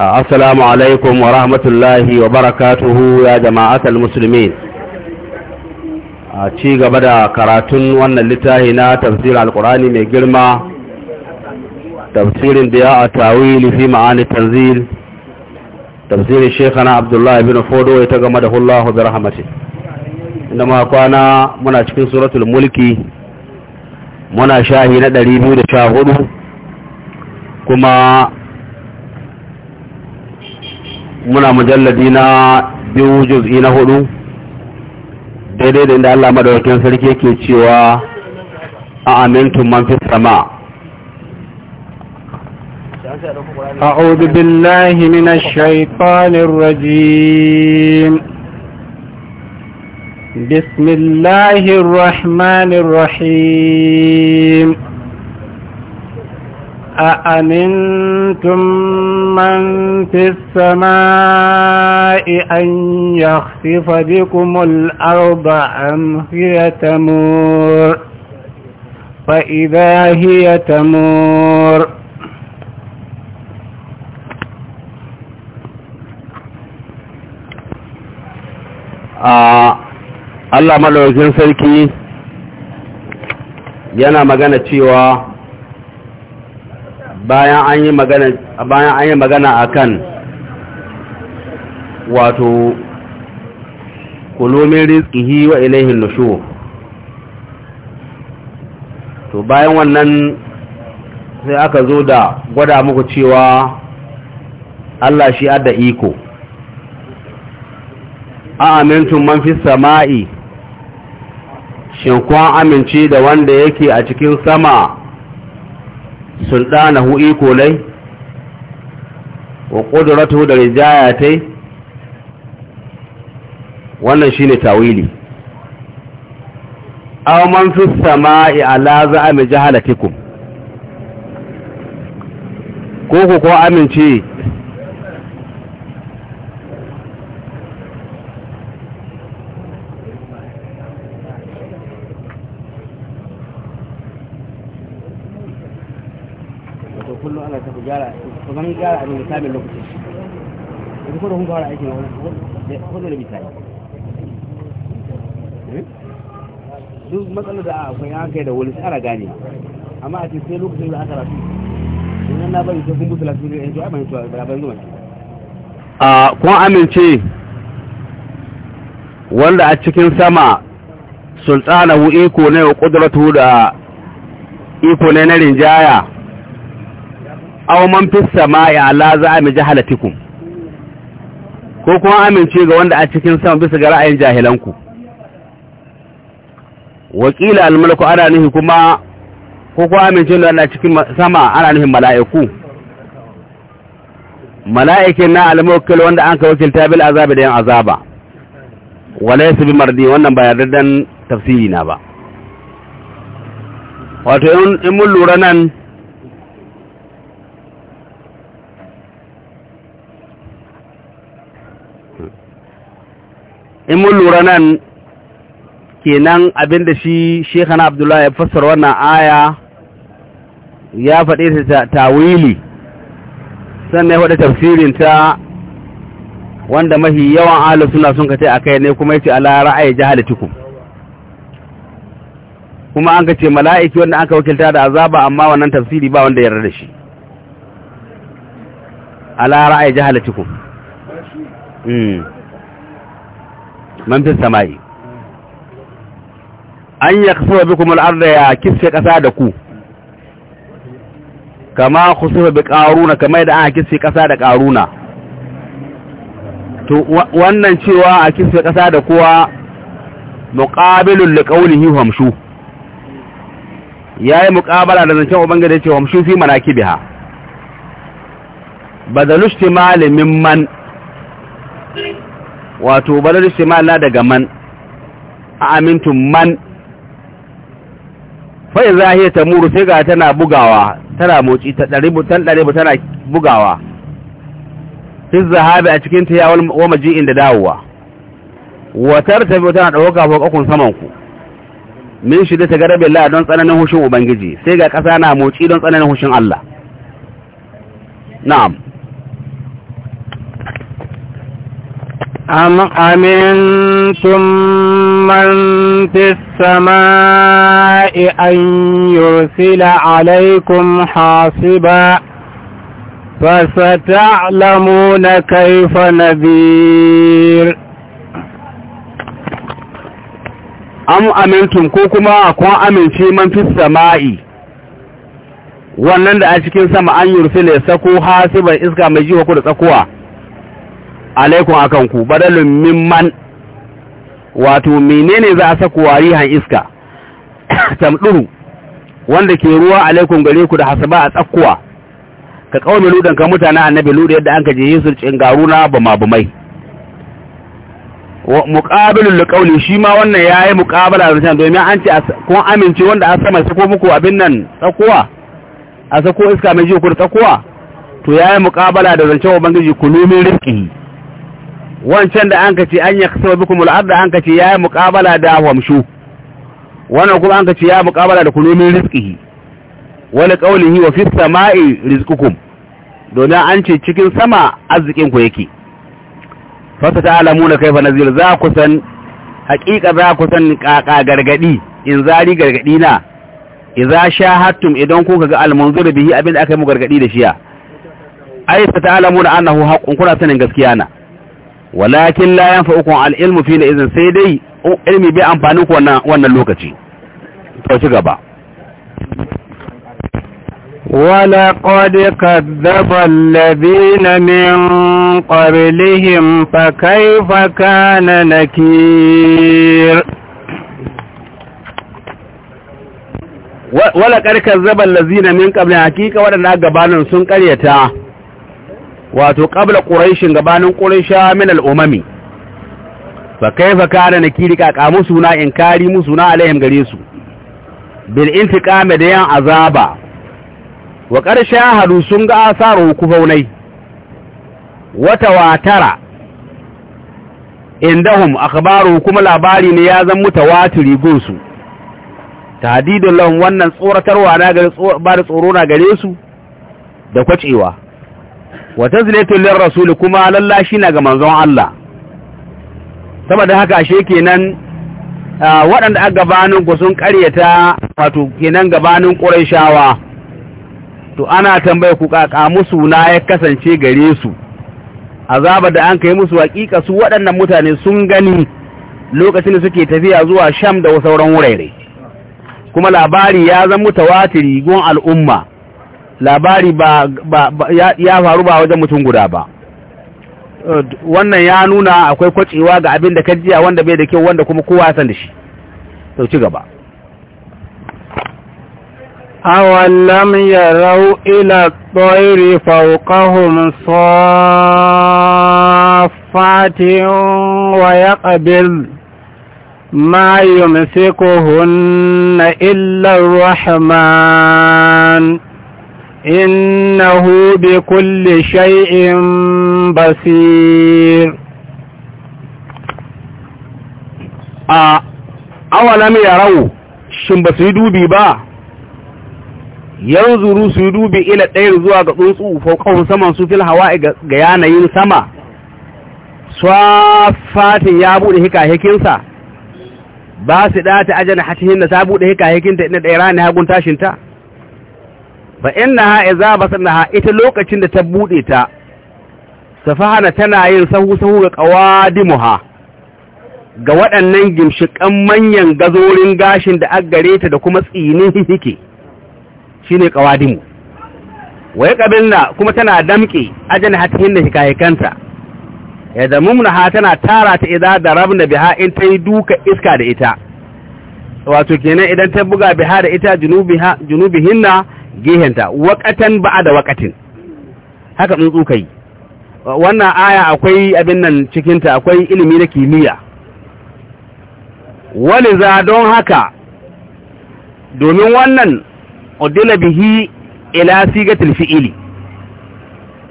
السلام عليكم ورحمة الله وبركاته يا جماعة المسلمين ci gaba da karatun wannan littafi na tafsirin alkurani mai girma tafsirin da ya a tawili fi ma'ani tanzil tafsirin shekana abdullahi bin fodo ya ta gama da hullahu da rahamati inda ma kwana muna cikin suratul mulki muna shahi na 214 kuma muna mujalladi na biyu juz'i na hudu daidai da inda Allah madawakin sarki yake cewa a amintun man fi sama أعوذ بالله من الشيطان الرجيم بسم الله الرحمن الرحيم أأمنتم من في السماء أن يخفف بكم الأرض أم هي تمور فإذا هي تمور آه الله ملوزين سلكي yana magana cewa bayan an yi magana bayan an akan wato kulumin rizqihi wa ilayhi nushur to bayan wannan sai aka zo da gwada muku cewa Allah shi adda iko a amintun man fi sama'i shin amince da wanda yake a cikin sama sultanahu iko lai wa ƙuduratu da rijaya ta wannan shi ne tawili man fi sama'i ala za'ami jahalatikum ko ku ko amince kullum ana ta gyara ku zan gyara abin lokacin shi kun aikin wani kudu da misali duk matsalar da akwai kai da wani tsara gane amma a lokacin da aka rasu wannan na bari sai kun da yanzu a zuwa a kun amince wanda a cikin sama sultanahu iko ne wa kudratu da iko ne na rinjaya aw man fis samai ala za'ami jahalatikum ko kuma amince ga wanda a cikin sama bisa ga ra'ayin jahilanku al-mulku ana nahi kuma ko kuma amince da wanda a cikin sama ana nahi mala'iku mala'ikin na al-mulku wanda an ka wakilta bil azabi da 'yan azaba walaysa bi mardi wannan ba yardan tafsiri na ba wato in mun lura nan in mun lura nan kenan abin da shi shekana abdullahi ya fassar wannan aya ya faɗe ta tawili sannan ya faɗi ta wanda mahi yawan ahalar suna sun kace a kai ne kuma ce ala ra'ayi jahalatikum kuma an kace mala'iki wanda aka wakilta da azaba amma wannan tafsiri ba wanda yarda da shi ala ra'ayi jahalatikum mm man fi sama'i an ya kasuwa bi kuma da ya kisfe ƙasa da ku kama kusurwa bi ƙaruna kama da ana kisfe ƙasa da ƙaruna to wannan cewa a kisfe ƙasa da kuwa muƙabilun da ƙaunihi hamshu ya yi muƙabala da zancen ubangida ce hamshu fi mana kibiha ba da lushti malamin man wato balar istimala daga man a amintun man fai zahiya ta muru sai ga tana bugawa tana motsi ta ɗari ɗari tana bugawa fi zahabi a cikin ta wa maji'in inda dawowa watar ta biyu tana ɗauka ƙakun samanku min shi da ta garabe bela don tsananin hushin ubangiji sai ga ƙasa na motsi don tsananin hushin Allah na'am أم أمنتم من في السماء أن يرسل عليكم حاصبا فستعلمون كيف نذير أم أمنتم كوكما kuma أمن amince من في السماء wannan da a cikin sama an yursila ne sako hasiban iska mai jiwa ko da tsakuwa alaikum akan ku badalun mimman wato menene za a saku warihan iska tamduru wanda ke ruwa alaikum gare ku da hasaba a tsakkuwa ka kauna ludan ka mutane annabi ludu yadda an je yesu cingaru na bama bumai muqabilu liqauli shi ma wannan yayi muqabala da domin an ce kun amince wanda an sama sako muku abin nan tsakkuwa a sako iska mai jiya ku tsakkuwa to yayi muqabala da zancen ubangiji kulumin rizqi wancan da an ka ce an ya kasa bikum al'arda an ka ce ya yi muƙabala da hamshu wannan kuma an ka ce ya yi muƙabala da kunomin rizqihi wani ƙaulihi wa fi sama'i rizqukum domin an ce cikin sama arzikin ku yake fasa ta alamu na kai nazir za ku san hakika za ku san kaka gargadi in zari gargadi na idza shahattum idan kuka ga almunzir bihi abin da aka yi mu gargadi da shiya ta alamu ta'lamuna annahu haqqun kuna sanin gaskiya na walakin la yanfa'ukum al-ilmu fi izin sai dai ilmi bai amfani ku wannan lokaci to ci gaba ولقد كذب الذين من قبلهم فكيف كان نكير ولقد كذب min من قبلهم حقيقة gabanin sun سنقريتا wato ƙabla ƙuraishin gabanin quraisha min al-umami fa kaifa kana nakiri ka kamu suna inkari na alaihim gare su bil intiqam da yan azaba wa ƙarshen hadu sun ga asaru kufaunai wata watara indahum akhbaru kuma labari ne ya zan mutawatiri Tadi tahdidun lahum wannan tsoratarwa na gare tsoro na gare su da kwacewa Wata wa tazliyatul rasulu kuma lallashi na ga manzon Allah saboda haka ashe kenan waɗanda a gabanin ku sun ƙaryata wato kenan gabanin ƙurayshawa to ana tambaye ku kaka musu na ya kasance gare su azaba da an kai musu hakika su waɗannan mutane sun gani lokacin da suke tafiya zuwa sham da sauran wurare kuma labari ya zama tawatiri gon al'umma labari ba, ya faru ba wajen mutum guda ba wannan ya nuna akwai kwacewa ga abin da kajiya wanda bai da kyau wanda kuma kowa san da shi to ci gaba ya rau ila tsoiri faukahun safatin wa ya yi musikohun na illar rahman إنه بكل شيء بصير أولم يروا shin ba su yi dubi ba yanzuru su yi dubi ila ɗayar zuwa ga tsuntsu faukawun saman su fil hawa'i ga yanayin sama swafatin ya buɗe hikahikinsa ba su ɗata ajana hatihin da ta buɗe hikahikinta ina ɗaya ranar hagun tashinta fa innaha idza basanaha ita lokacin da ta buɗe ta safahana tana yin sahu sahu ga ha, ga waɗannan gimshikan manyan gazorin gashin da gare ta da kuma tsinin hihike shine qawadimu waye kabilna kuma tana damke ajan hatihin da hikayekanta ya zamumna ha tana tara ta idza darabna biha in tayi duka iska da ita wato kenan idan ta buga biha da ita junubiha junubihinna gehenta waƙatan ba'a da waƙatin haka tsuntsu yi. wannan aya akwai abin nan cikinta akwai ilimi na kimiyya wani za don haka domin wannan udila bihi ila sigatil fi'ili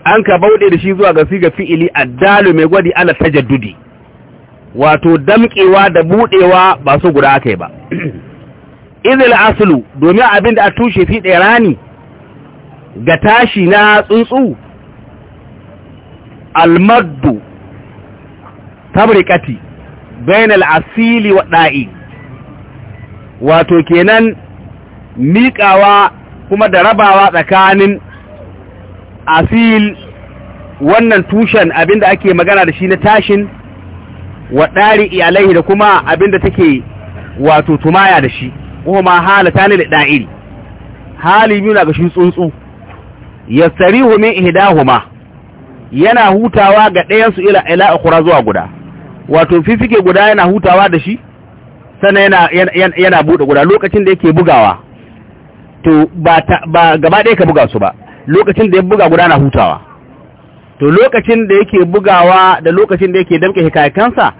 an ka bauɗe da shi zuwa ga siga fi'ili dalu mai gwadi ala tajaddudi wato damƙewa da buɗewa ba su guda aka yi ba izil aslu domin abin da a tushe fi rani ga tashi na tsuntsu almaddu tabrikati bainal asili wa ɗa'i wato kenan miƙawa kuma da rabawa tsakanin asil wannan tushen abin abinda ake magana da shi na tashin wa ɗari iyalai da kuma abin abinda take wato tumaya da shi kuma ta ne da da'il hali biyu na ga shi tsuntsu yastarihu min ihdahuma yana hutawa ga ɗayansu su ila ila ukhra zuwa guda wato fifike guda yana hutawa da shi sannan yana yana bude guda lokacin da yake bugawa to ba ba gaba ɗaya ka buga su ba lokacin da ya buga guda na hutawa to lokacin da yake bugawa da lokacin da yake damke hikayakansa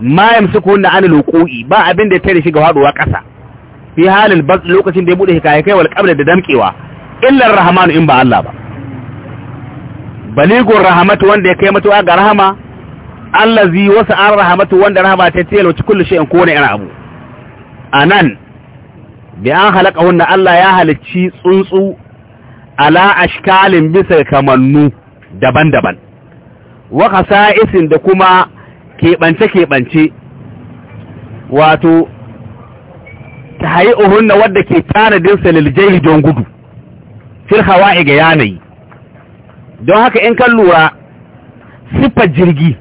ma ko na ana lokoi ba abin da ya tare shi ga haduwa ƙasa fi halin bas lokacin da ya bude hikaye kai wal qabla da damkewa illar rahmanu in ba Allah ba baligur rahmatu wanda ya kai mutuwa ga rahama allazi wasa an rahmatu wanda rahama ta tilo ci kullu shay'in ko ne ina abu anan bi an halakahunna Allah ya halicci tsuntsu ala ashkalin bisa kamannu daban-daban wa isin da kuma keɓance-keɓance wato ta hayi uhunna wadda ke din sa liljayi don gudu fil hawa'i ga yanayi don haka in kan lura siffar jirgi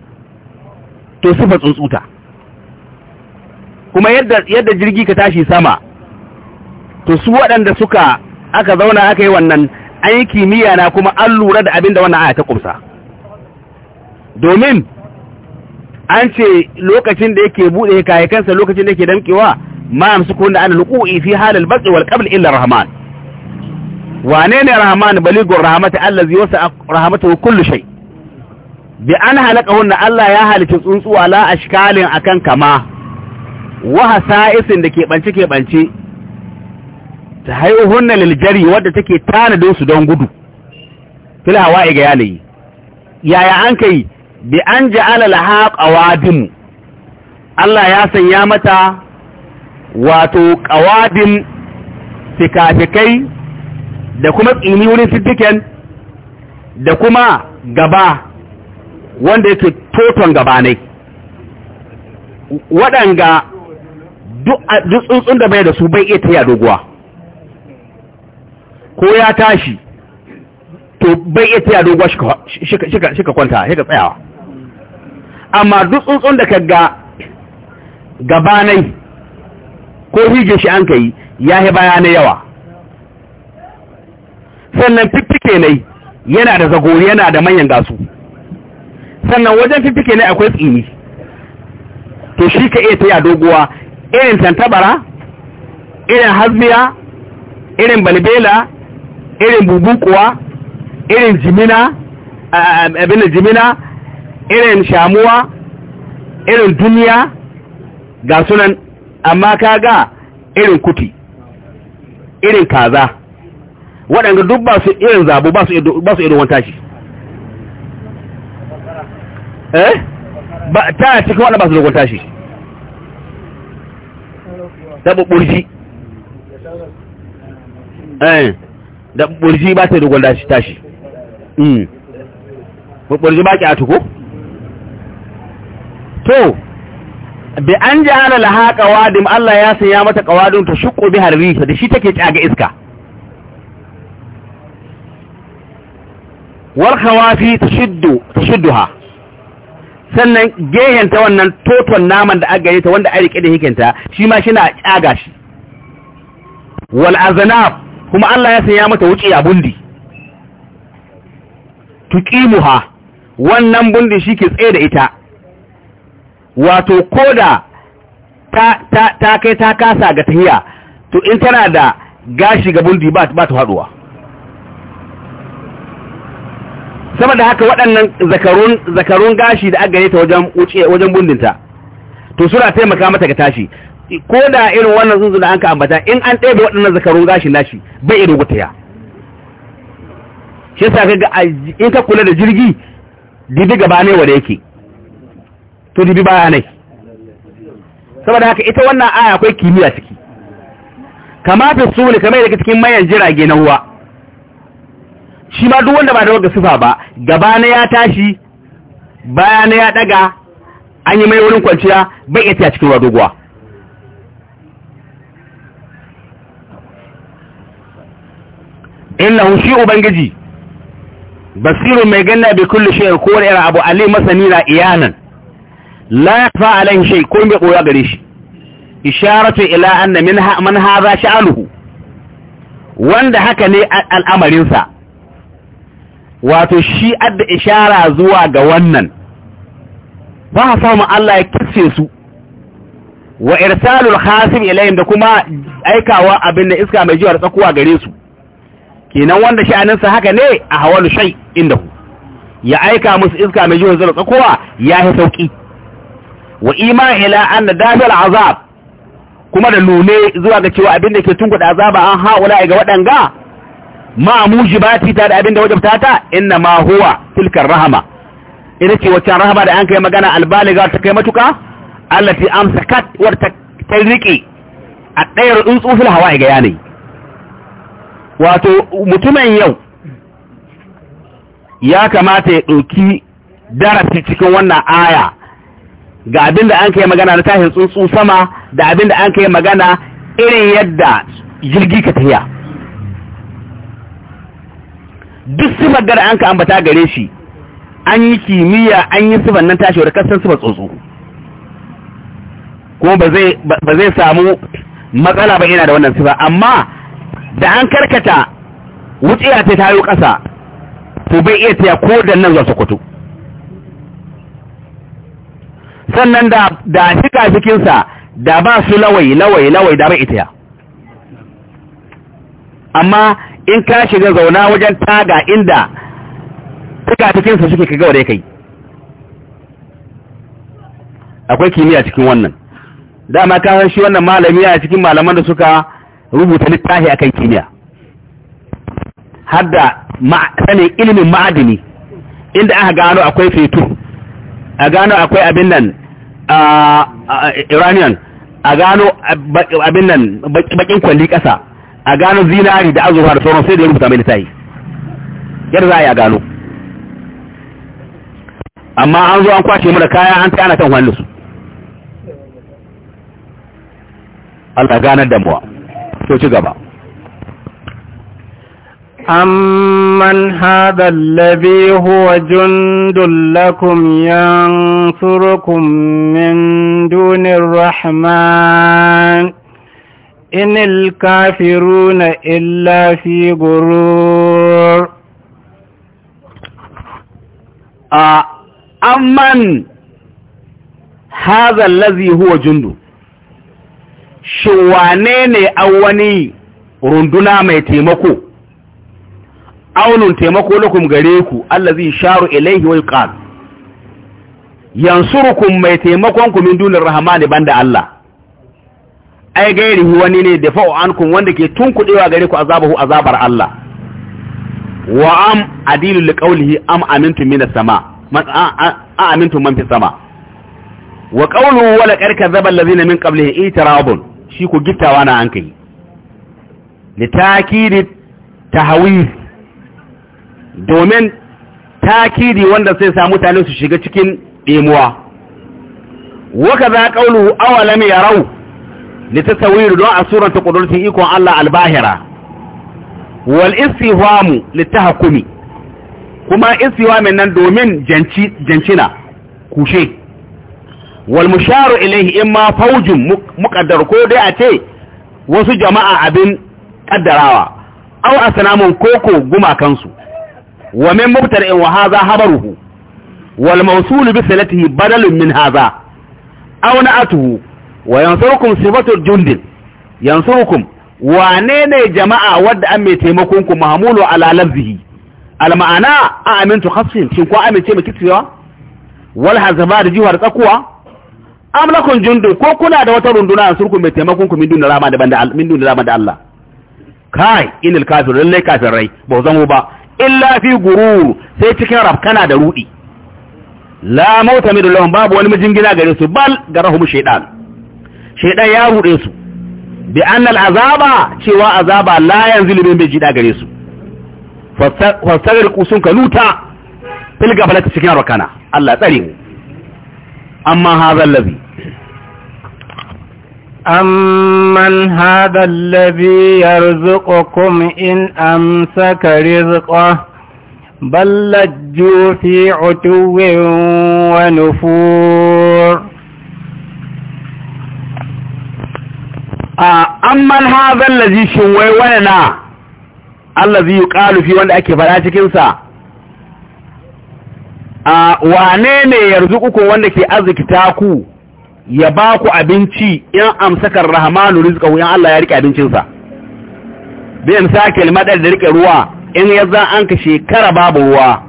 to siffar tsuntsuta kuma yadda yadda jirgi ka tashi sama to su waɗanda suka aka zauna aka yi wannan an yi kimiyya na kuma an lura da abinda wannan aya ta kumsa domin an ce lokacin da yake buɗe kayakansa lokacin da yake damkewa ma amsukun ana alqu'i fi hal albat'i wal qabl illa rahman wane ne rahman rahmati allazi wasa rahmatuhu kullu shay bi an halakahunna Allah ya halice tsuntsuwa la ashkalin akan kama wa hasaisin da ke bance ke banci ta haihuhunna lil jari wadda take da su don gudu fil hawa'i ga yalayi yaya an kai bi an ja'ala laha qawadim Allah ya sanya mata wato ƙawadin fikafikai da kuma tsini wurin siddiken da kuma gaba wanda yake toton gabanai waɗanga duk tsuntsun da bai da su bai iya taya doguwa ko ya tashi to bai iya taya doguwa shi ka kwanta shi ka tsayawa amma duk tsuntsun da ka ga gabanai ko hige shi an kai ya yi baya na yawa sannan fiffike ne yana da zagori yana da manyan gasu sannan wajen fiffike ne akwai tsini to shi ka iya taya doguwa irin tantabara irin hazmiya irin balbela irin bubukuwa irin jimina abin da jimina irin shamuwa irin duniya ga sunan amma kaga irin kuti irin kaza waɗanda duk ba su irin zabu ba su irin wanta shi eh ba ta cikin waɗanda ba su dogon tashi da ɓuɓɓurji eh da ɓuɓɓurji ba ta dogon tashi mm ɓuɓɓurji ba ki a tuko to bi an ja'ala laha qawadim Allah ya sanya mata qawadim ta shuqqu bi harbiha da shi take tsaga iska war khawafi tashuddu tashudduha sannan gehen ta wannan toton naman da aka gani ta wanda ake rike da hikinta shi ma shina tsaga shi wal aznab kuma Allah ya sanya mata wuce a bundi tuqimuha wannan bundi shi ke tsaye da ita wato koda ta ta ta kai ta kasa ga tahiya to in tana da gashi ga bundi ba ta haduwa saboda haka waɗannan zakarun zakarun gashi da aka ta wajen wuce wajen bundinta to suna taimaka mata ga tashi ko da irin wannan zunzu da an ka ambata in an da waɗannan zakarun gashi nashi bai irin ya shi ka ga in ka kula da jirgi didi gaba ne da yake to dubi baya nai saboda haka ita wannan aya akwai kimiyya ciki kamata su ne kamar da cikin mayan jirage na ruwa shi ma duk wanda ba da wagga sufa ba gaba na ya tashi baya na ya daga an yi mai wurin kwanciya bai iya cikin ruwa doguwa innahu shi ubangiji basirun mai ganna bi kulli shay'in ko abu Ali, masani na iyanan la yakfa alaihi shay ko bai koya gare shi isharatu ila anna min man hadha sha'aluhu wanda haka ne al'amarin sa wato shi adda ishara zuwa ga wannan ba samu Allah ya kisse su wa irsalul khasim ilayhim da kuma aikawa abin da iska mai jiwar tsakuwa gare su kenan wanda sa haka ne a hawalu shay indahu ya aika musu iska mai jiwar tsakuwa ya yi sauki wa ila anna dafil azab kuma da lune zuwa ga cewa abinda ke tunkuda azaba an haula ga waɗanga ma mujibati ta da abinda wajabta ta inna ma huwa tilkar rahama ita ce waccan rahama da an kai magana albaliga ta kai matuka amsa kat war ta riƙe. a ɗayar tsuntsufil hawa ga yanayi wato mutumin yau ya kamata ya ɗauki darasi cikin wannan aya ga abin da an kai magana na tashin tsuntsu sama da abin da an kai magana irin yadda jirgi ka tafiya duk sifar gara an ka ambata gare shi an yi kimiyya an yi sifar nan tashi wadda kasan sifar tsuntsu kuma ba zai samu matsala ba yana da wannan sifa amma da an karkata ya ta tayo ƙasa ko bai iya taya ko da nan zuwa sokoto sannan da da cikin sa da ba su lawai lawai lawai da ba ita ya amma in ka shiga zauna wajen taga inda suka sa suke kaga wadai kai akwai kimiyya cikin wannan dama ka san shi wannan malami a cikin malaman da suka rubuta littafi akan kimiyya har da sanin ilimin ma'adini inda aka gano akwai fetur a gano akwai abin nan iranian a gano abin nan bakin kwalli kasa a gano zinari da azurfa da sauran sai da rubuta mai littafi yadda za a yi a gano amma an zo an kwashe mu da kaya an tana kan wani su Allah ganar damuwa to ci gaba أمن هذا الذي هو جند لكم ينصركم من دون الرحمن إن الكافرون إلا في غرور آه. أمن هذا الذي هو جند شوانين أولي رندنا ما يتيمكو aunun taimako lakum gare ku Allah zai sharu ilaihi wa yuqal yansurukum mai taimakon ku min dunir rahmani banda Allah ai hu, wani ne da fa'u ankum wanda ke tunkudewa gare ku azabahu azabar Allah wa am adilu liqaulihi am amintum minas sama man a amintum man fi sama wa qawluhu wa laqad kadzaba allazina min qablihi itrabun shi ku gittawa na an kai litakidi tahwif domin takidi wanda sai sa mutane su shiga cikin ɗimuwa waka za ƙaulu awalam ya rau ni ta don a suranta ƙudurtun ikon Allah albahira wal istiwamu littahakumi kuma istiwamin nan domin jancina kushe wal musharu ilaihi in ma faujin muƙaddar ko dai a ce wasu jama'a abin ƙaddarawa au asnamun koko gumakansu wa min mubtada'in wa hadha habaruhu wal mawsul bi salatihi badalun min hadha aw na'atuhu wa yansurukum sifatul jundin yansurukum wane ne jama'a wadda an mai taimakon ku mahmulu ala lafzihi al ma'ana a amintu khasfin shin ko amince miki cewa wal hazaba da jiwar tsakuwa am lakum jundun ko kuna da wata runduna yansurukum mai taimakon ku min dun rama da banda min dun rama da Allah kai inil kafir lallai kafirai ba zan ba illa fi gurur sai cikin rafkana da rudi la mauta min lahum babu wani mijingina gare su bal garahum shaytan shaytan ya rude su bi anna al azaba cewa azaba la yanzilu min bijida gare su fasarar kusun ka luta fil gafalata cikin rafkana Allah tsare amma hadha allazi أمن هذا الذي يرزقكم إن أمسك رزقه بل لجوا في عتو ونفور amman hazan lazi shin wai wani na allazi yi kalufi wanda ake a wane ne yanzu ukun wanda ke arzikita ku ya ba ku abinci in amsakar rahmanu rizqahu in Allah ya rike abincinsa bai amsa madar da rike ruwa in ya za an ka shekara babu ruwa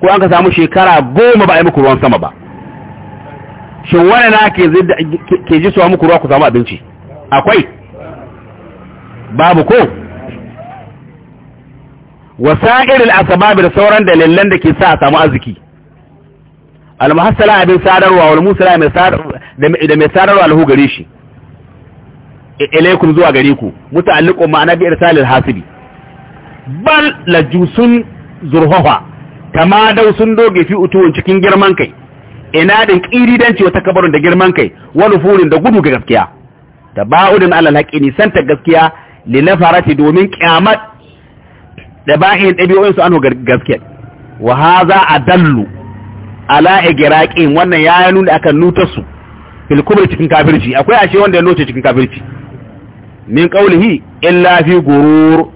ko an ka samu shekara goma ba a yi muku ruwan sama ba shin wani na ke ke ji suwa muku ruwa ku samu abinci akwai babu ko wasa'ir al-asbab da sauran dalilan da ke sa a samu arziki al-muhassala abin sadarwa wal musala mai sadarwa da mai sararwa alhu gare shi ilaikum zuwa gare ku muta'alliqun ma'ana bi irsalil hasibi bal jusun zurhaha kama dau sun doge fi utuwan cikin girman kai ina din kiridanci wata kabarun da girman kai wani furin da gudu ga gaskiya taba'udin alal haqqi ni santa gaskiya li nafarati domin kiyamat da ba'in dabi'o'in su anu gaskiya wa hadha adallu ala igraqin wannan ya nuna akan nutar su fil kubri cikin kafirci akwai ashe wanda ya loce cikin kafirci min qawlihi illa fi gurur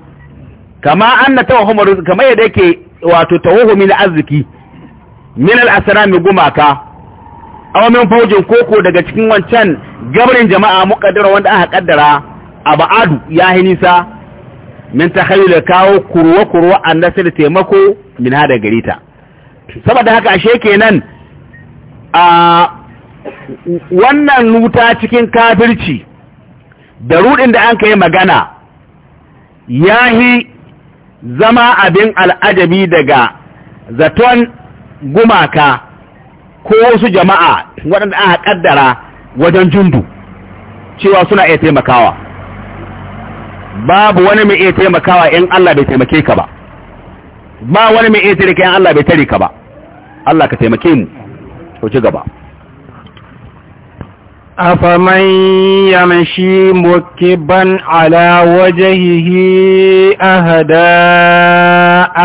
kama anna tawahum kama yadda yake wato tawhum na arziki min al asram gumaka aw min fawjin koko daga cikin wancan gabrin jama'a muqaddara wanda aka kaddara abadu yahi nisa min takhayyul kawo kurwa kurwa annasir taimako min hada garita saboda haka ashe kenan a wannan nuta cikin kafirci da rudin da an kai magana yi zama abin al'ajabi daga zaton gumaka ko wasu jama'a waɗanda aka ƙaddara wajen jundu cewa suna iya taimakawa babu wani mai iya taimakawa in Allah bai taimake ka ba ba wani mai iya taimakawa in Allah bai ka ba Allah ka taimake mu ko ci gaba أفمن يمشي مكبا على وجهه أهدى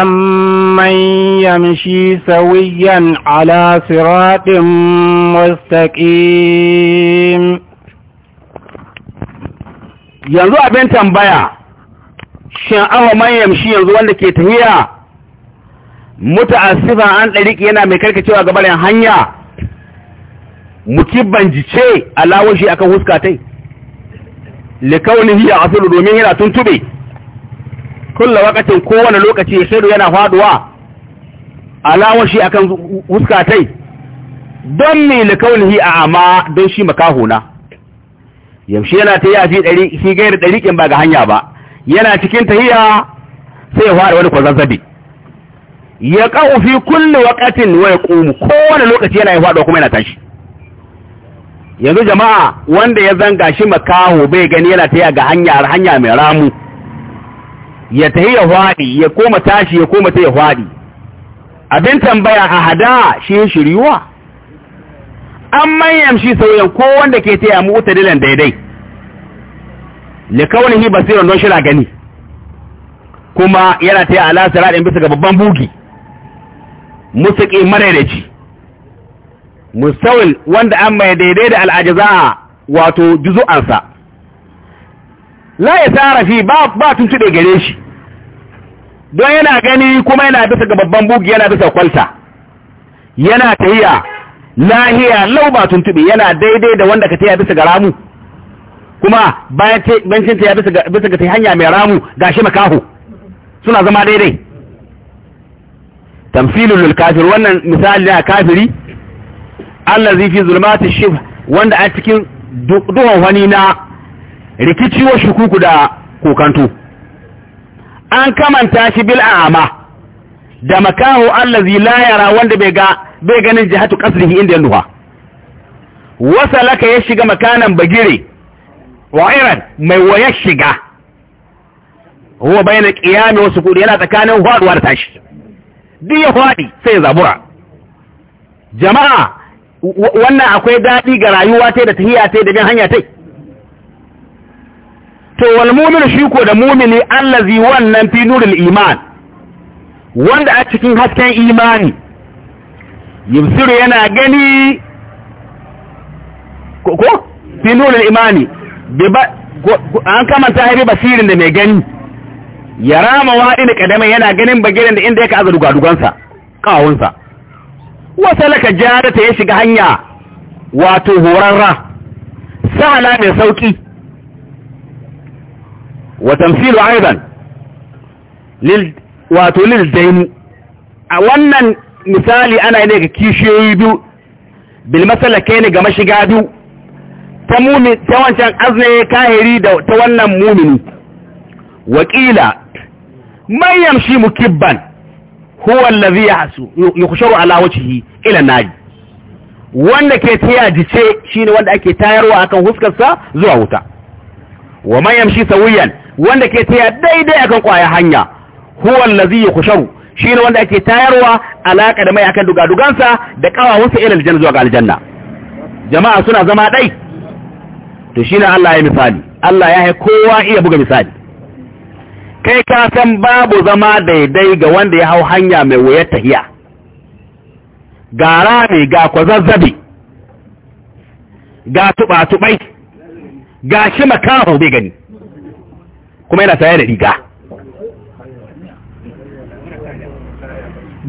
أمن يمشي سويا على صراط مستقيم yanzu abin tambaya shin awa man yamshi yanzu wanda ke tafiya muta asifa an ɗariki yana mai karkacewa gabarin hanya mukibban ce alawun shi akan huska tai likaunin hiya asiru domin yana tuntube kulla wakatin kowane lokaci ya shiru yana faduwa alawun shi akan huska tai don ne likaunin hiya amma don shi makahuna yamshi yana ta yafi ɗari shi gairi ɗariƙin ba ga hanya ba yana cikin tahiya sai ya fara wani kwazazzabi ya ƙa'ufi fi kulle wakatin wa ya ƙumu kowane lokaci yana ya faduwa kuma yana tashi yanzu jama'a wanda ya zanga shi makaho bai gani yana ta ga hanya hanya mai ramu ya tahi ya hwadi ya koma tashi ya koma ta ya hwadi abin tambaya a hada shi shiryuwa an manyan shi sauyan ko wanda ke taya mu wuta dilan daidai likawanihi basiran don shira gani kuma yana ta taya ala siratin bisa ga babban bugi musuki maraidaci mustawil wanda an mai daidai da al'ajaza'a wato juzu'ansa la ya tsara fi ba tun tuntuɗe gare shi don yana gani kuma yana bisa ga babban bugi yana bisa kwalta yana tahiya lahiya lau ba yana daidai da wanda ka tahiya bisa ga ramu kuma bayan bancin tahiya bisa ga ta hanya mai ramu gashi makaho suna zama daidai tamfilul kafir wannan misali na kafiri allazi fi zulmati shibh wanda a cikin duhun wani na rikici wa shukuku da kokanto an kamanta shi bil a'ama da makaho allazi la yara wanda bai ga bai ganin jihatu qasrihi inda ya nuha wasalaka ya shiga makanan bagire wa'iran mai waya shiga huwa bayyana qiyami wasu kudi yana tsakanin faduwa da tashi duk ya sai zabura jama'a wannan akwai daɗi ga rayuwa ta da tahiya ta da bin hanya ta to wal mu'minu shi ko da mu'mini allazi wannan fi nuril iman wanda a cikin hasken imani yubsiru yana gani ko fi nuril imani an kamanta haifi basirin da mai gani ya rama waɗi yana ganin bagiren da inda yake aza dugadugansa kawunsa. wasa laka jarata ya shiga hanya wato horarra sahala mai sauki wa tamsilu wato lil daini a wannan misali ana ne ga kishiyoyi biyu bil masalake ne ga mashiga biyu ta mumi ta wancan azne kahiri da ta wannan mumini wakila man shi mukibban huwa allazi yahsu yukhsharu ala wajhihi ila nari wanda ke taya dice shine wanda ake tayarwa akan huskarsa zuwa wuta wa man yamshi sawiyan wanda ke taya daidai akan kwaya hanya huwa allazi yukhsharu shine wanda ake tayarwa alaka da mai akan dugadugansa da kawawunsa ila aljanna zuwa ga aljanna jama'a suna zama dai to shine Allah ya misali Allah ya hai kowa iya buga misali kai ka san babu zama daidai ga wanda ya hau hanya mai wuyar tahiya ga rami ga kwazazzabi ga tuba-tubai ga shi makaho bai gani kuma yana saye da riga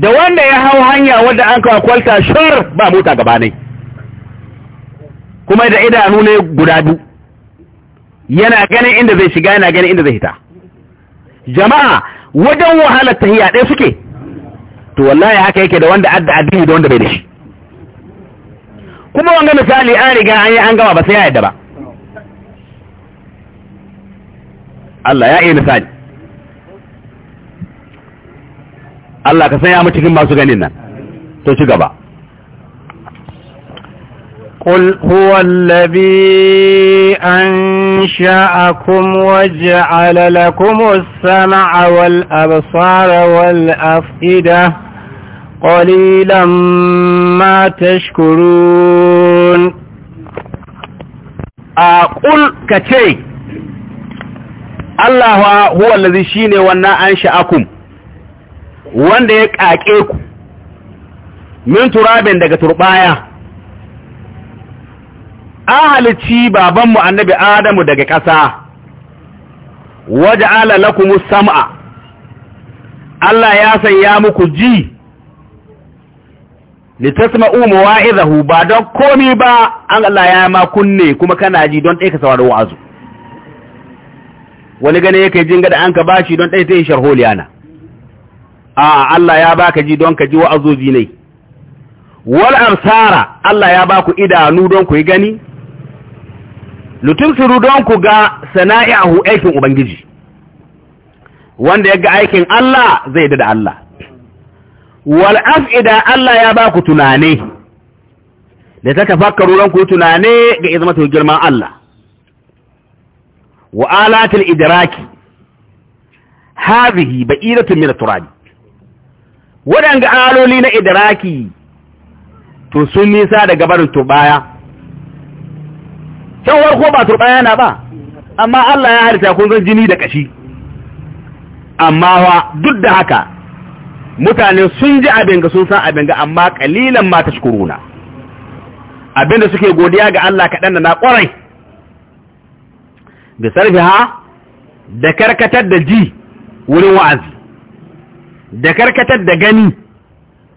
da wanda ya hau hanya wadda an kawo kwalta shar ba mota gabanai kuma da idanu ne guda biyu yana ganin inda zai shiga yana ganin inda zai hita jama'a wajen wahalar tahiya ɗaya suke to wallahi haka yake da wanda adda addini da wanda bai da shi kuma wanga misali an riga an yi an gama ba sai ya yadda ba Allah ya iya misali Allah ka san ya mu cikin masu ganin nan to ci gaba قل هو الذي أنشأكم وجعل لكم السمع والأبصار والأفئدة قليلا ما تشكرون قل كتي الله هو الذي شيني وانا أنشأكم وانا يكاكيكم من تراب daga turbaya ahalici babanmu annabi adamu daga ƙasa waje ala lakumu sam'a Allah ya sanya muku ji Ni litasma'u mawa'izahu ba don komi ba an Allah ya ma kunne kuma kana ji don ɗaya ka saurari wa'azu wani gane yake jin gada an ka bashi don ɗaya ta yi sharholiyana a Allah ya baka ji don ka ji wa’azu ne wal absara Allah ya baku idanu don ku yi gani lutumsiru don ku ga sana'i'ahu aikin ubangiji wanda ya ga aikin Allah zai da Allah wal af'ida Allah ya ba ku tunane da ta tafakkaru don ku tunane ga izmatu girman Allah wa alatil idraki hadhihi ba'iratun min turabi wadanga aloli na idraki to sun nisa daga barin turbaya can ko ba turba yana ba amma Allah ya harita kun zan jini da kashi amma wa duk da haka mutane sun ji abin ga sun san abin ga amma kalilan ma ta shukuruna abinda suke godiya ga Allah kaɗan da na ƙwarai da sarfi ha da karkatar da ji wurin wa'azi da karkatar da gani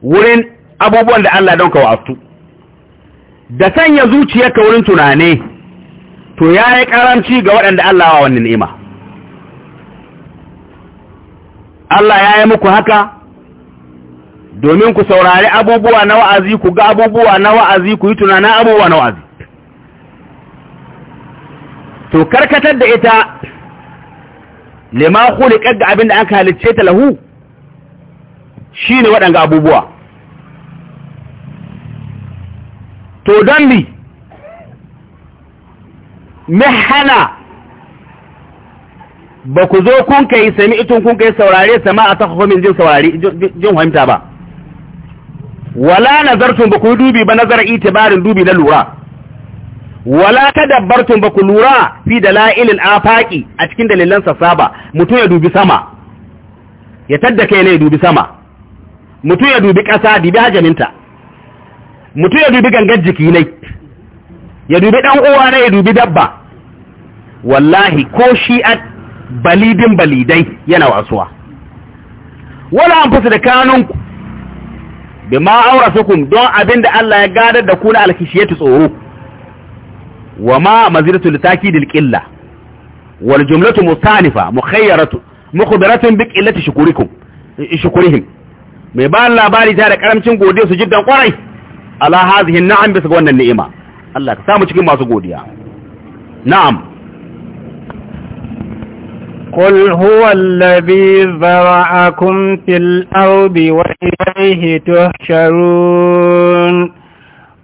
wurin abubuwan da Allah don ka da sanya zuciyarka wurin tunane to ya yi karanci ga waɗanda Allah wa wannan ni'ima Allah ya yi muku haka domin ku saurari abubuwa na wa'azi ku ga abubuwa na wa'azi ku yi tunanin abubuwa na wa'azi to karkatar da ita liman hulikar ga abin da an halicce ta lahu shi ne waɗanga abubuwa to don bi mahana ba ku zo kun kai sami itun kun kai saurare sama a min jin saurari jin hamta ba wala nazartun ba ku dubi ba nazar itibarin dubi na lura wala ta dabbartun ba ku lura fi da la'ilin afaki a cikin dalilan saba mutum ya dubi sama ya tadda kai ne ya dubi sama mutum ya dubi ƙasa dubi hajaminta mutum ya dubi gangar jiki ne ya dubi ɗan uwa ne ya dubi dabba wallahi ko shi a balidin balidai yana wasuwa wala an fusu da kanunku bi ma aura sukun don abin da Allah ya gadar da ku na tsoro wa ma maziratu litakid alqilla wal jumlatu mustanifa mukhayyaratu mukhbiratun bi qillati shukurikum shukurihim mai ba labari ta da karamcin godiya su jiddan kwarai ala hadhihi na'am bisa wannan ni'ima Allah ka samu cikin masu godiya na'am قل هو الذي ذرعكم في الأرض وإليه تحشرون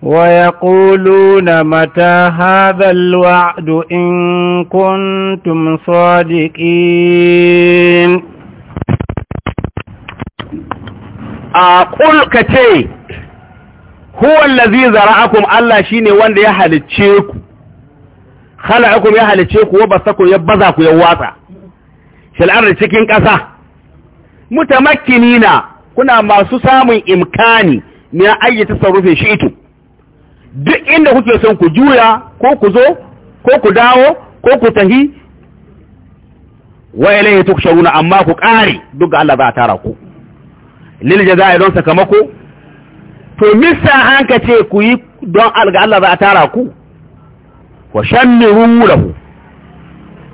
ويقولون متى هذا الوعد إن كنتم صادقين آه، قل كتير huwa allazi zara'akum Allah shi ne wanda ya halicce ku khala'akum ya halicce ku wa basakum ya baza ku ya watsa Shalar da cikin ƙasa na kuna masu samun imkani ne a min rufe shi ito, duk inda kuke son ku juya ko ku zo ko ku dawo ko ku tahi wa ilayhi tukhsharuna amma ku ƙare duk ga Allah za a tara ku lil jazaa'i don sakamako to misa an ka ce ku yi don alga Allah za a tara ku wa shammiru lahu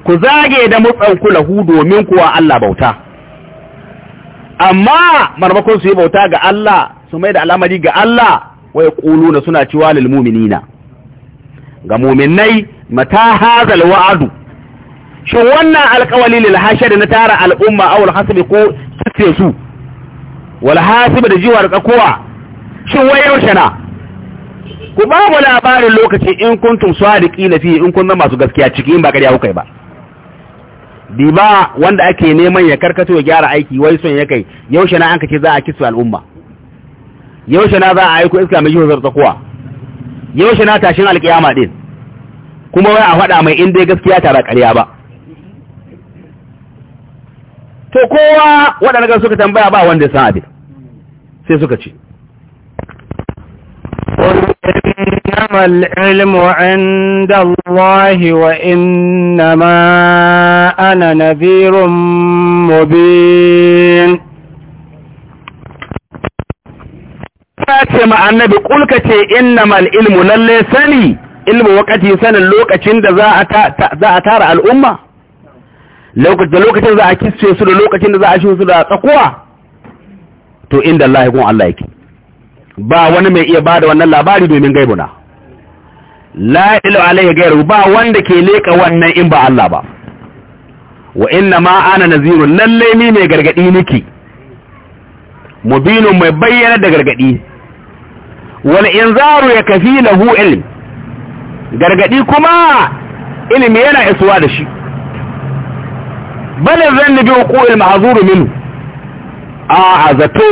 ku zage da mutsanku lahu domin kuwa Allah bauta amma marmakon su yi bauta ga Allah su mai da alamari ga Allah wai na suna cewa lilmuminina ga mu'minai mata hazal wa'adu shin wannan alƙawali lilhashar na tara al'umma aw hasabi ko tace su wal hasibi da jiwar shin wai yaushe na ku ba mu labarin lokaci in kuntum na fi in kun masu gaskiya ciki in ba ƙarya kuka ba ba wanda ake neman ya karkato ya gyara aiki wai son ya kai yaushe na an kace za a kisu al'umma yaushe na za a aiko iska mai yiwu zartsakuwa yaushe na tashin alkiyama din kuma wai a faɗa mai inda gaskiya tara ƙarya ba to kowa waɗanda suka tambaya ba wanda ya san abin sai suka ce إنما العلم عند الله وإنما أنا نذير مبين ce ma annabi kulka ce innamal ilmu lalle sani ilmu wakati sanin lokacin da za a tara al'umma lokacin da za a kisce su da lokacin da za a shi su da tsakuwa to inda Allah ya kun Allah yake ba wani mai iya bada wannan labari domin gaibuna la ilu alayhi gairu ba wanda ke leka wannan in ba Allah ba wa inna ma ana nazirun lalle ni mai gargadi niki mubinun mai bayyana da gargadi wal inzaru ya kafi lahu ilm gargadi kuma ilimi yana isuwa da shi bal zanni bi a mahzuru minu a zato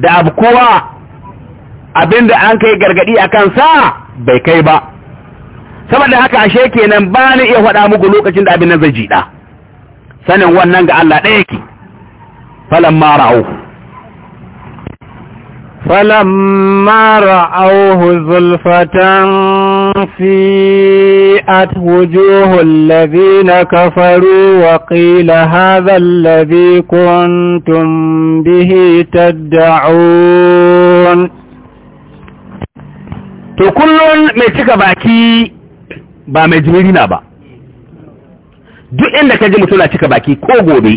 da abu kowa abinda an kai gargadi a kansa bai kai ba saboda haka ashe kenan ba ni iya faɗa muku lokacin da abin nan zai jiɗa sanin wannan ga Allah ɗaya ke falon mara auhu falon mara auhu zulfatan فيئت وجوه الذين كفروا وقيل هذا الذي كنتم به تدعون to kullum mai cika baki ba mai jimirina ba duk inda ka ji mutum cika baki ko gobe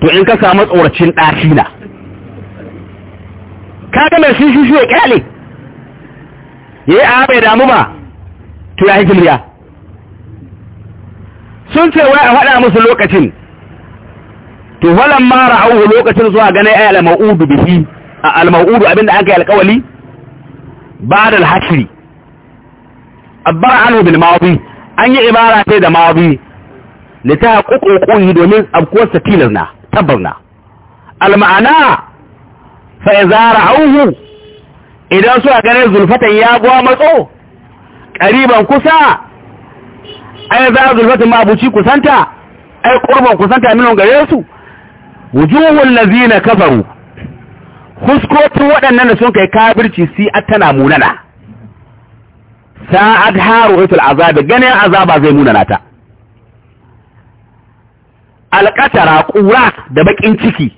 to in ka samu tsoracin na ka ga mai shi shi shi ya kyale ya yi a bai damu ba to ya hikin ya sun ce wai a faɗa musu lokacin to mara auhu lokacin zuwa gane ya al-ma'udu bihi a al-ma'udu abinda aka yi alƙawali ba da alhashiri hashri abbar anhu bil an yi ibara sai da madi da ta quqquhi domin abkuwar satilar na tabbar na al-ma'ana fa auhu idan suka ganin zulfatan ya gwa matso ƙariban kusa ai za zulfatan mabuci kusanta ai ƙurban kusanta minon gare su wujuhun lazina kafaru huskokin waɗannan da sun kai kabirci si tana munana sa'ad haru itul azabi ganin azaba zai munana ta alƙatara ƙura da baƙin ciki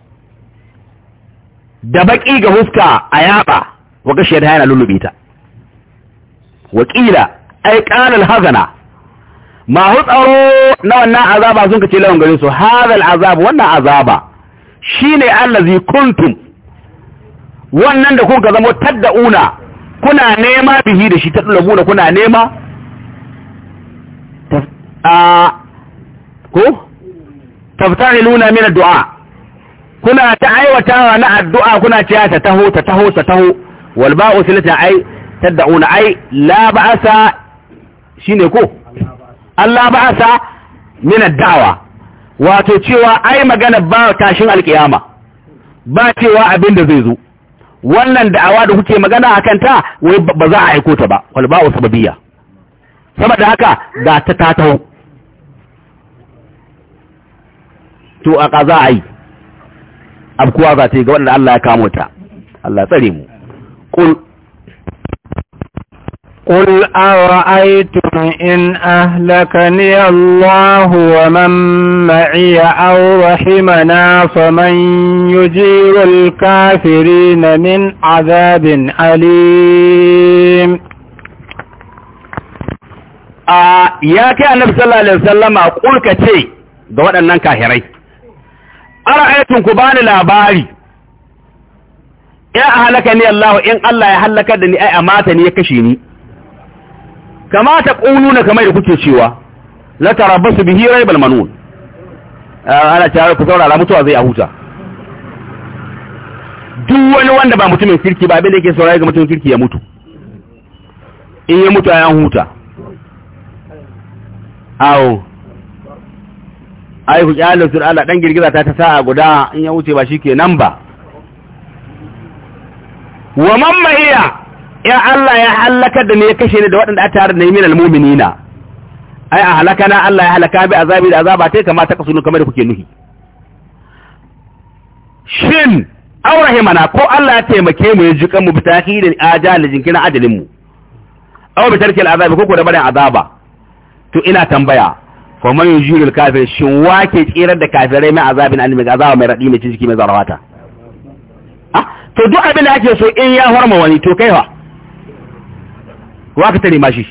da baƙi ga huska a yaba wa gashiyar yana lullube ta wakila ai kanal hazana mahu tsaro na wannan azaba sun kace lawan gare su hazal azab wannan azaba shine allazi kuntum wannan da kuka zama tad'una kuna nema bihi da shi tadlabuna kuna nema a ko taftaniluna min addu'a kuna ta aiwatawa na addu'a kuna cewa ta taho ta taho ta taho wal ba'u silata ai tad'una ai la ba'asa shine ko Allah ba'asa min ad-da'wa wato cewa ai magana ba tashin alkiyama ba cewa abin da zai zo wannan da'awa da kuke magana akan ta wai ba za a aiko ta ba wal ba'u sababiyya saboda haka ga ta tatau to a kaza ai abkuwa za ta yi ga wanda Allah ya kamo ta Allah tsare mu قل قل أرأيتم إن أهلكني الله ومن معي أو رحمنا فمن يجير الكافرين من عذاب أليم ya kai annabi sallallahu alaihi wasallama kulka ce ga waɗannan kahirai ara'aytun ku bani labari ya halaka ni Allah in Allah ya halaka da ni ai amata ni ya kashe ni kamata quluna kamar da kuke cewa la tarabasu bihi raibal manun ana cewa ku saurara mutuwa zai a huta duk wani wanda ba mutumin kirki ba abin da yake saurari ga mutumin kirki ya mutu in ya mutu ayan huta awo ai ku kyalin sun Allah dan girgiza ta ta sa'a guda in ya wuce ba shi ke nan ba wa man mahiya ya Allah ya halaka da ne ya kashe ni da waɗanda a tare da ni minal mu'minina ai a halakana Allah ya halaka bi azabi da azaba tai ta kasu sunu kamar da kuke nuhi shin aurahimana ko Allah ya taimake mu ya jikan mu bitaki da ajal jinkirin ajalin mu aw bi tarkil azabi ko ko da barin azaba to ina tambaya fa man yujirul kafir shin wake tsirar da kafirai mai azabin alimi azaba mai radi mai ciki mai zarawata to duk abin da ake so in ya horma wani to kaiwa wa ka tare mashi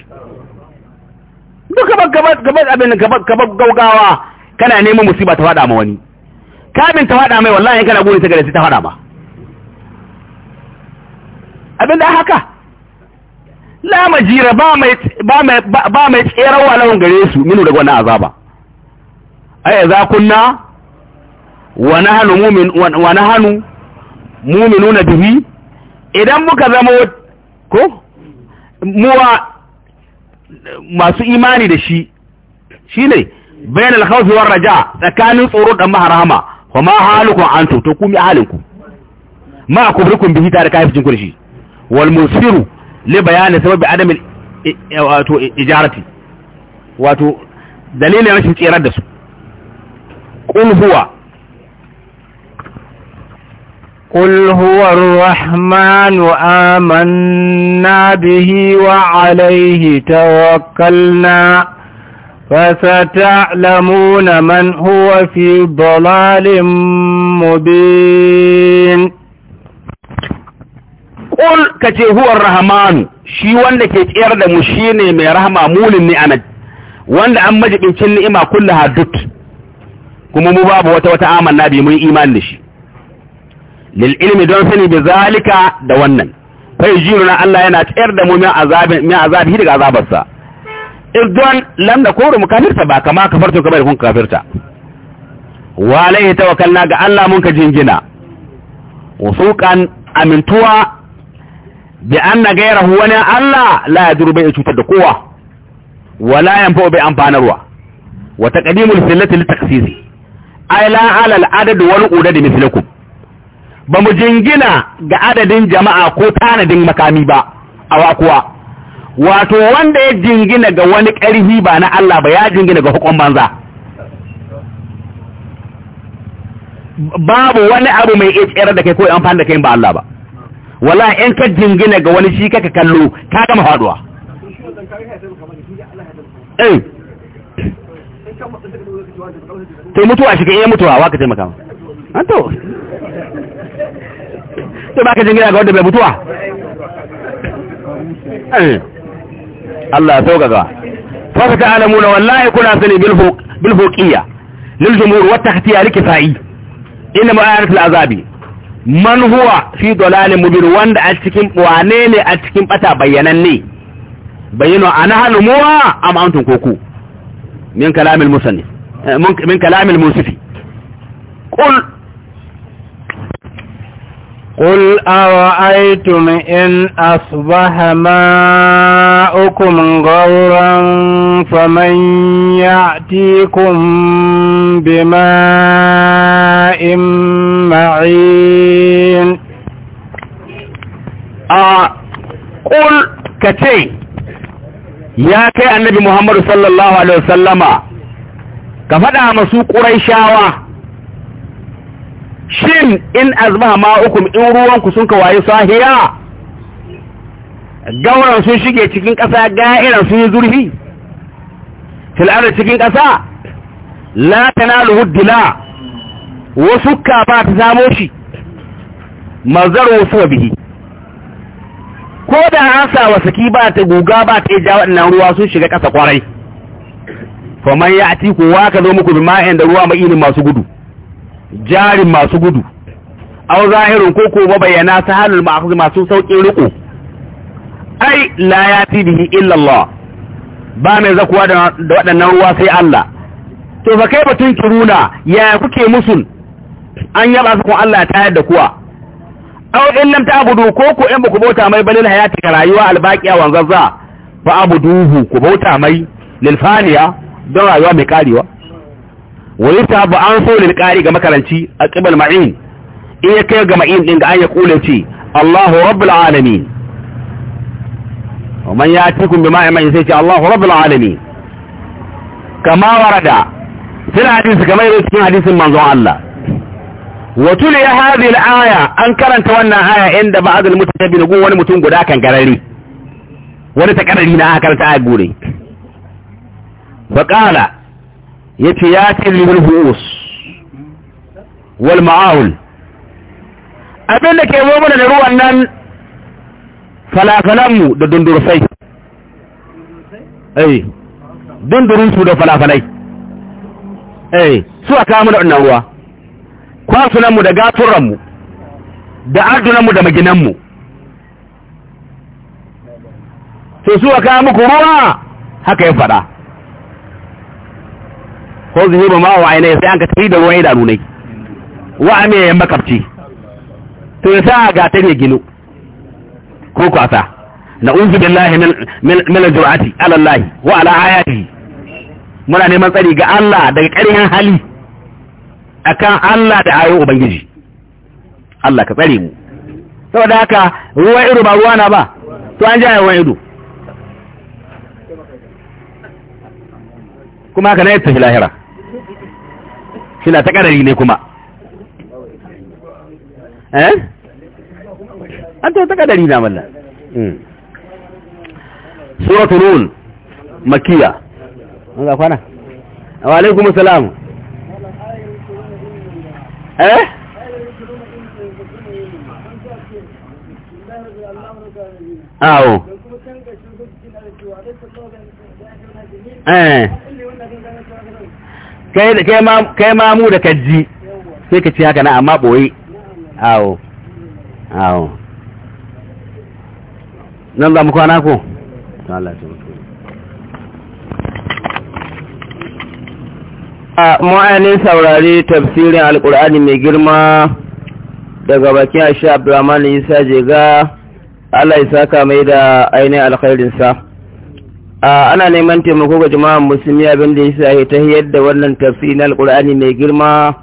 duk gaba gaba abin gaba gaugawa kana neman musiba ta fada ma wani kamin ta fada mai wallahi kana gure ta gare ta fada ma abin da haka la majira ba mai ba mai ba mai wa lawan gare su minu daga wannan azaba ai za kunna wa nahnu mu'min wa nahnu muminuna bihi idan muka zama ko muwa masu imani da shi shine bainal khawfi war raja tsakanin tsoro da maharama wa ma halukum an to ku mi halinku ma kubrikum bihi tare kai cikin kurshi wal musiru li bayani sababi adamin wato ijarati wato dalilin rashin tsirar da su qul huwa قل هو الرحمن آمنا به وعليه توكلنا فستعلمون من هو في ضلال مبين قل كتي هو الرحمن shi wanda ke tsayar da mu shine mai rahama mulin ni'amat wanda an majibincin ni'ima kullu hadut kuma mu babu wata wata amanna mun imani da shi lil ilmi don sani da zalika da wannan fa yujiruna Allah yana tsayar da mu min azabin min azabi daga azabarsa idan lam mu kafirta ba kama kafarto kamar kun kafirta wa alaihi tawakkalna ga Allah mun ka jingina wasuqan amintuwa bi anna ghayrahu wani Allah la yadru bai cutar da kowa wala yanfa bai amfanarwa wa taqdimul sillati litakhsisi ay la ala al adad wal udad mislakum ba mu jingina ga adadin jama'a ko tanadin makami ba a wakuwa wato wanda ya jingina ga wani ƙarfi ba na Allah ba ya jingina ga hukun banza babu wani abu mai iya tsere da kai ko amfani da kai ba Allah ba wala in ka jingina ga wani shi kaka kallo ka gama faduwa eh sai mutuwa shi ka iya mutuwa wa ka taimaka an to to ba ka jingina ga wanda bai mutuwa eh. Allah sauƙaƙa fasa ta alamuna wallahi kuna sani bilfoƙiyya liljumhur wata hatiyar kisa'i inda ma'ayar al'azabi man huwa fi dalalin mubin wanda a cikin wane ne a cikin bata bayyananne bayyano ana hannu muwa am antum koko min kalamil musanni eh, min kalamil musifi qul قل أرأيتم إن أصبح ماءكم غورا فمن يأتيكم بماء معين قل كتي يا كي النبي محمد صلى الله عليه وسلم كفدها مسوق قريشاوه shin in ma uku in ruwanku sun kawaye sahiya gauran sun shige cikin ƙasa ga'iran sun yi zurfi fil'ar cikin ƙasa la tanalu wasu ka ba ta samo shi mazar wasu bihi ko da hasa wa saki ba ta guga ba ta ja waɗannan ruwa sun shiga ƙasa kwarai kuma ya ati ku ka zo muku bi ma'in da ruwa ma'inin masu gudu jarin masu gudu aw zahirin ba bayyana mabayyana sahalul masu sauƙin riko ai la fi bihi illallah, ba mai zakuwa da waɗannan ruwa sai Allah to fa kai batun kiruna ya kuke musul an yaba su kun Allah ta yadda kuwa aw in lam ta'budu ko ko in baku bauta mai balil hayati ka rayuwa albaqiya wanzazza fa abuduhu ku bauta mai lilfaniya don rayuwa mai karewa wani tabu an so ne ƙari ga makaranci a ƙibar ma'in in ga ma'in ɗin ga an ya ce Allahu rabbul alamin man ya cikin bi ma'in sai ce Allahu rabbul alamin kama warada suna hadisi kama yi cikin hadisin manzon Allah wato ne ya hadi aya an karanta wannan aya inda ba azul mutane bi nugu wani mutum guda kan garari wani takarari na aka karanta aya gure faqala Ya ce ya tilil huus wal ma'aul abinda ke zo mana da ruwan nan falafalanmu da dundursai eh dundurinsu da falafalai eh su a mu da wannan ruwa kwasunanmu da gaturranmu da ardunanmu da maginanmu to su a aka muku ruwa haka ya fada ko zuhiba ma wa ainihi sai an ka tafi da wani idanu ne wa ame ya makabci to ya sa ga ta ne gino ko kwasa na uzu billahi min jur'ati ala Allah wa ala ayati muna neman tsari ga Allah daga ƙarfin hali akan Allah da ayoyin ubangiji Allah ka tsare mu saboda haka ruwa iru ba ruwa na ba to an jaya ruwan ido kuma haka na tafi lahira suna ta karari ne kuma eh an ta ta karari na mallan hmm. suratul nun makiya an ga kwana wa alaikum salam eh awo eh kai ma mu da kaji sai ka ci haka na amma boye awo awo nan za mu kwana ko? mu'ayanin saurari tafsirin alkur'ani mai girma daga bakin ashe abdulrahman isa jega allah isa kamai da ainihin alkhairinsa ana neman taimako ga jama'an musulmi abin da ya sa ta hiyar da wannan tafsirin alkur'ani mai girma